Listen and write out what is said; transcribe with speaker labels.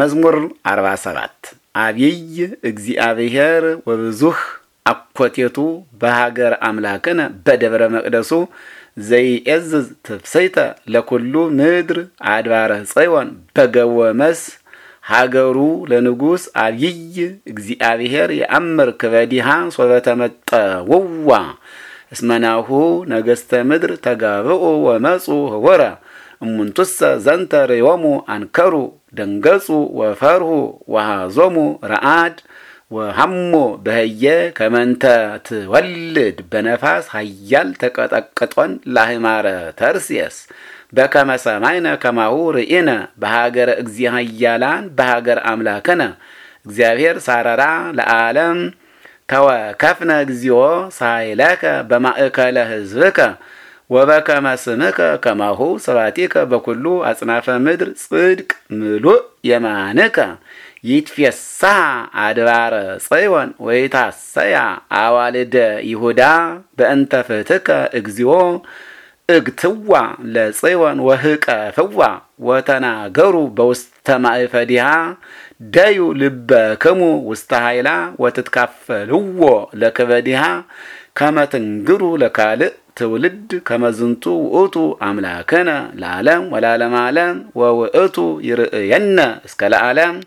Speaker 1: መዝሙር 47 አብይ እግዚአብሔር ወብዙህ አኮቴቱ በሀገር አምላክነ በደብረ መቅደሱ ዘይዔዝዝ ትፍሰይተ ለኩሉ ምድር አድባረ በገወ መስ ሀገሩ ለንጉሥ አብይ እግዚአብሔር የአምር ክበዲሃ ሶበተመጠ ውዋ እስመናሁ ነገሥተ ምድር ተጋብኡ ወመጹ ህወረ እሙንቱሰ ዘንተ ርዮሙ አንከሩ ደንገጹ ወፈርሁ ወሃዞሙ ረአድ ወሃሞ በህየ ከመንተ ትወልድ በነፋስ ሀያል ተቀጠቅጦን ላህማረ ተርስየስ በከመ ሰማይነ ከማሁ ርኢነ በሀገረ እግዚእ ኃያላን በሀገር አምላክነ እግዚአብሔር ሳረራ ለዓለም ተወከፍነ እግዚኦ ሳይለከ በማእከለ ህዝብከ ወበከመ ስምከ ከማሁ ስብሐቲከ በኩሉ አጽናፈ ምድር ጽድቅ ምሉእ የማንከ ይትፌሳሐ አድባረ ጽዮን ወይታሰያ አዋልደ ይሁዳ በእንተ ፍትከ እግዚኦ እግትዋ ለጽዮን ወህቀፍዋ ወተናገሩ በውስተ ማእፈዲሃ ደዩ ልበክሙ ውስተ ኃይላ ወትትካፈልዎ ለክበዲሃ ከመ ለካልእ ትውልድ ከመዝንቱ ውእቱ አምላከነ ለዓለም ወላለማለም ወውእቱ ይርእየነ እስከ ለዓለም